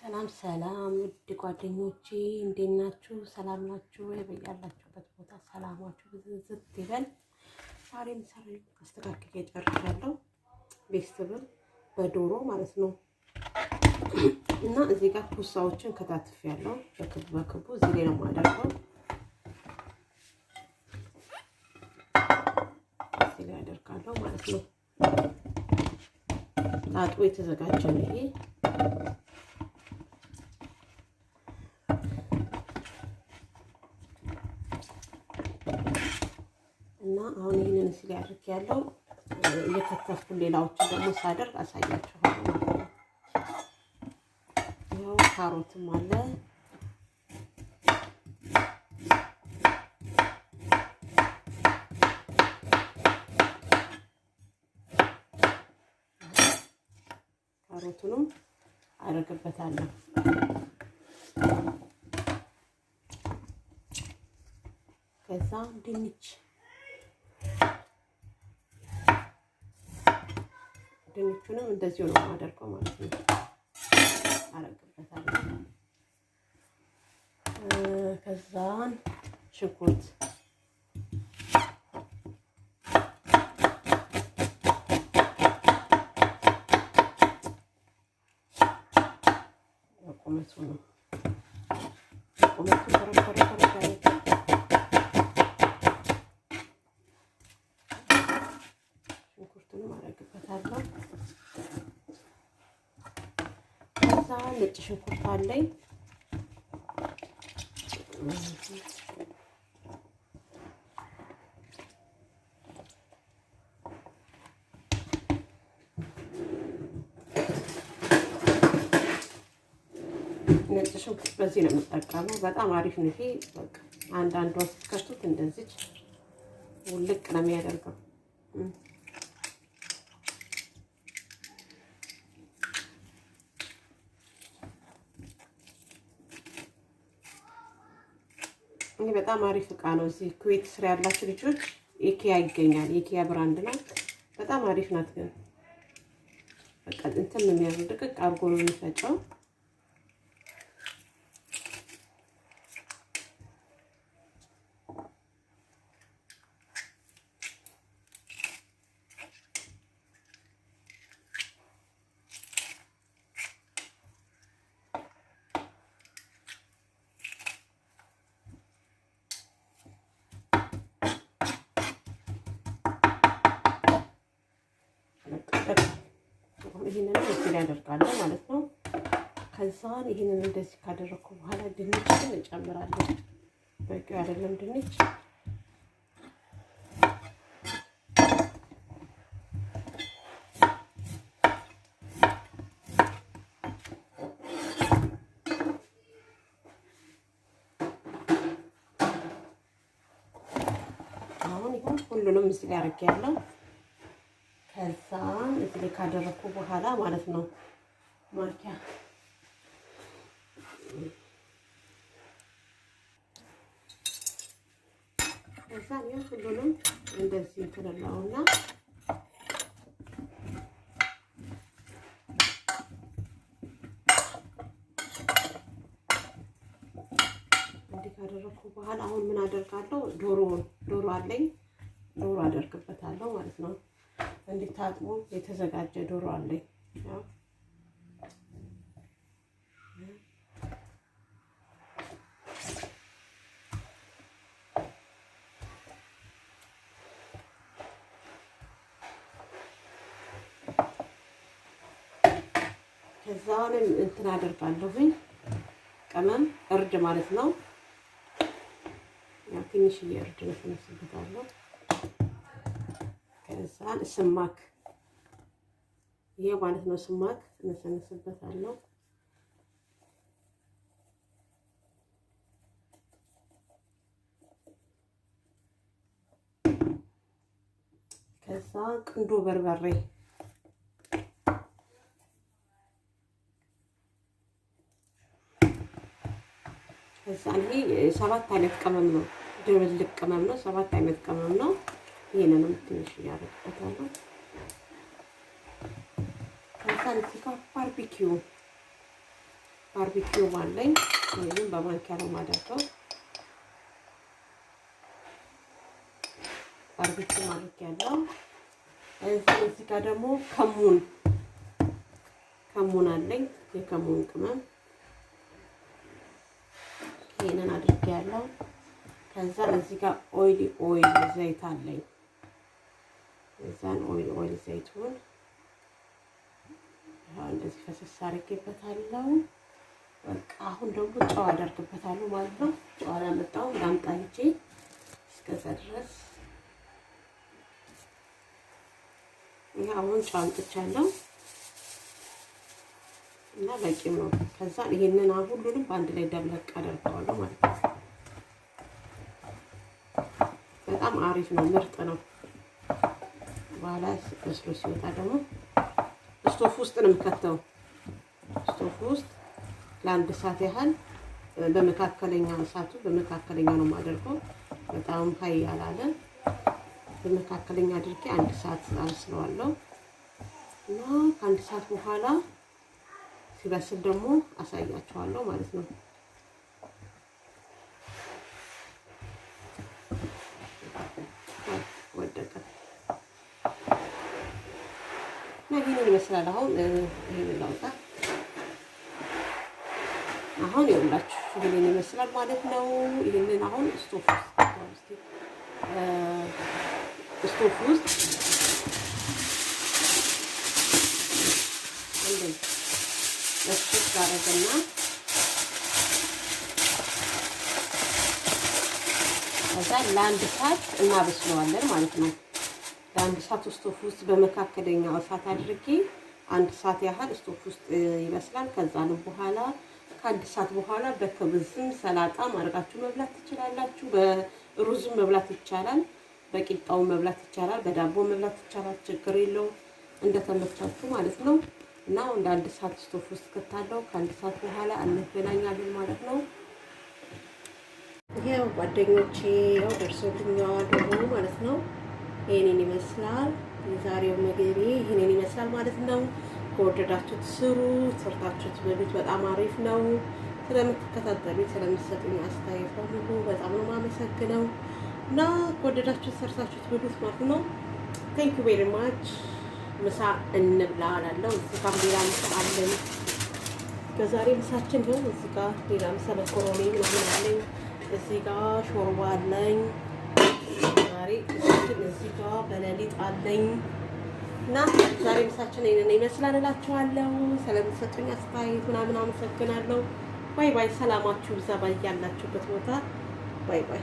ሰላም ሰላም ውድ ጓደኞቼ እንዴት ናችሁ? ሰላም ናችሁ ወይ? በያላችሁበት ቦታ ሰላማችሁ ብዝዝት ይበል። ዛሬም ሰሪ አስተካክዬ ጨርሻለሁ። ቤስትብል በዶሮ ማለት ነው እና እዚህ ጋር ኩሳዎችን ከታትፍ ያለው በክቡ በክቡ እዚህ ላይ ነው የማደርገው። እዚህ ላይ አደርጋለሁ ማለት ነው። ታጥቦ ነው ይሄ ላይ አድርግ ያለው እየከተፍኩ ሌላዎቹን ደግሞ ሳደርግ አሳያችኋለሁ። ይኸው ካሮትም አለ ካሮቱንም አደርግበታለሁ። ከዛ ድንች ድንቹንም እንደዚሁ ነው ማደርገው ማለት ነው። አረግበታለሁ። ከዛን ሽንኩርት ቁመቱ ነው ቁመቱ ከዛ ነጭ ሽንኩርት አለኝ ነጭ ሽንኩርት በዚህ ነው የምጠቀመው። በጣም አሪፍ ነው ይሄ። በቃ ወስድ ከሽቱት እንደዚች ውልቅ ነው የሚያደርገው። ይህ በጣም አሪፍ እቃ ነው። እዚህ ኩዌት ስራ ያላችሁ ልጆች የኪያ ይገኛል። የኪያ ብራንድ ነው። በጣም አሪፍ ናት። ግን በቃ እንትን የሚያደርግ ድቅቅ አድርጎ ነው የሚፈጨው። አደርጋለሁ ማለት ነው። ከዛን ይህንን እንደዚህ ካደረግኩ በኋላ ድንችን እንጨምራለሁ። በቂ አይደለም ድንች አሁን ይሁን ሁሉንም እዚህ ላይ አድርጌያለሁ። ከዛ እዚህ ላይ ካደረኩ በኋላ ማለት ነው ማኪያ ከዛ ይህ ሁሉንም እንደዚህ ትለላውና እንዲህ ካደረኩ በኋላ አሁን ምን አደርጋለሁ? ዶሮ ዶሮ አለኝ ዶሮ አደርግበታለሁ ማለት ነው። እንድታጥሙ የተዘጋጀ ዶሮ አለኝ። ከዛውንም እንትን አደርጋለሁኝ ቅመም እርድ ማለት ነው። ያ ትንሽዬ እርድ ነስነስበታለሁ። ከዛን ስማክ ይሄ ማለት ነው። ስማክ እነሰነስበታለሁ። ከዛ ቅንዶ በርበሬ ከዛ ይሄ ሰባት አይነት ቅመም ነው። ድብልቅ ቅመም ነው። ሰባት አይነት ቅመም ነው። ይሄንንም ትንሽ እያደረግበታለሁ። ከዛ እዚህ ጋር ባርቢኪዩ ባርቢኪው አለኝ። ይህም በማንኪያ ነው የማደርገው። ባርቢኪዩ ማድረግ ያለው እዚህ ጋር ደግሞ ከሙን ከሙን አለኝ። የከሙን ቅመም ይሄንን አድርጌያለሁ። ከዛ እዚህ ጋር ኦይሊ ኦይል ዘይት አለኝ። እዛን ኦይል ኦይል ዘይቱን እንደዚህ ፈሰስ አድርጌበታለሁ። በቃ አሁን ደግሞ ጨው አደርግበታለሁ ማለት ነው። ጨው አላመጣሁ ላምጣ ሂጄ እስከዛ ድረስ ይህ አሁን ጨው አምጥቻለሁ እና በቂም ነው። ከዛ ይሄንን አሁን ሁሉንም በአንድ ላይ ደብለቅ አደርገዋለሁ ማለት ነው። በጣም አሪፍ ነው፣ ምርጥ ነው። በኋላ በስሎ ሲወጣ ደግሞ ስቶፍ ውስጥ ነው የምከተው። ስቶፍ ውስጥ ለአንድ ሰዓት ያህል በመካከለኛ እሳቱ በመካከለኛ ነው የማደርገው። በጣም ሀይ ያላለ በመካከለኛ አድርጌ አንድ ሰዓት አብስለዋለሁ እና ከአንድ ሰዓት በኋላ ሲበስል ደግሞ አሳያችኋለሁ ማለት ነው። ይሄንን ይመስላል። አሁን ይሄንን ላውጣ። አሁን ይኸውላችሁ ይሄንን ይመስላል ማለት ነው። ይሄንን አሁን ስቶፍ ውስጥ ስቶፍ ውስጥ ስቶፍ ጋረገና ከዛ ለአንድ ሰዓት እናበስለዋለን ማለት ነው። አንድ ሰዓት ስቶፍ ውስጥ በመካከለኛው እሳት አድርጌ አንድ ሰዓት ያህል ስቶፍ ውስጥ ይበስላል። ከዛ ነው በኋላ ከአንድ ሰዓት በኋላ በክብዝም ሰላጣ አድርጋችሁ መብላት ትችላላችሁ። በሩዝም መብላት ይቻላል። በቂጣው መብላት ይቻላል። በዳቦ መብላት ይቻላል። ችግር የለው እንደተመቻችሁ ማለት ነው። እና እንደ አንድ ሰዓት ስቶፍ ውስጥ ከታለው ከአንድ ሰዓት በኋላ እንገናኛለን ማለት ነው። ይሄው ጓደኞቼ ያው ደርሶልኛል ማለት ነው። ይህንን ይመስላል የዛሬው ምግቤ ይህንን ይመስላል ማለት ነው። ከወደዳችሁት ስሩ፣ ሰርታችሁት በሉት። በጣም አሪፍ ነው። ስለምትከታተሉ ስለምትሰጡኝ አስተያየት በሙሉ በጣም ነው የማመሰግነው እና ከወደዳችሁት ሰርታችሁት ብሉት ማለት ነው። ቴንኪው ቬሪ ማች። ምሳ እንብላ አላለው። እዚህ ጋር ሌላ ምሳ አለኝ። በዛሬ ምሳችን ነው። እዚህ ጋር ሌላ ምሳ መኮሮኒ ምናምን አለኝ። እዚህ ጋር ሾርባ አለኝ። ዛሬ እዚህ ጋ በሌሊት አለኝ እና ዛሬ ምሳችን ይሄንን ይመስላል እላችኋለሁ። ስለምትሰጡኝ አስተያየት ምናምን አመሰግናለሁ። ባይ ባይ። ሰላማችሁ ብዛ ባይ ቦታ ባይ ባይ።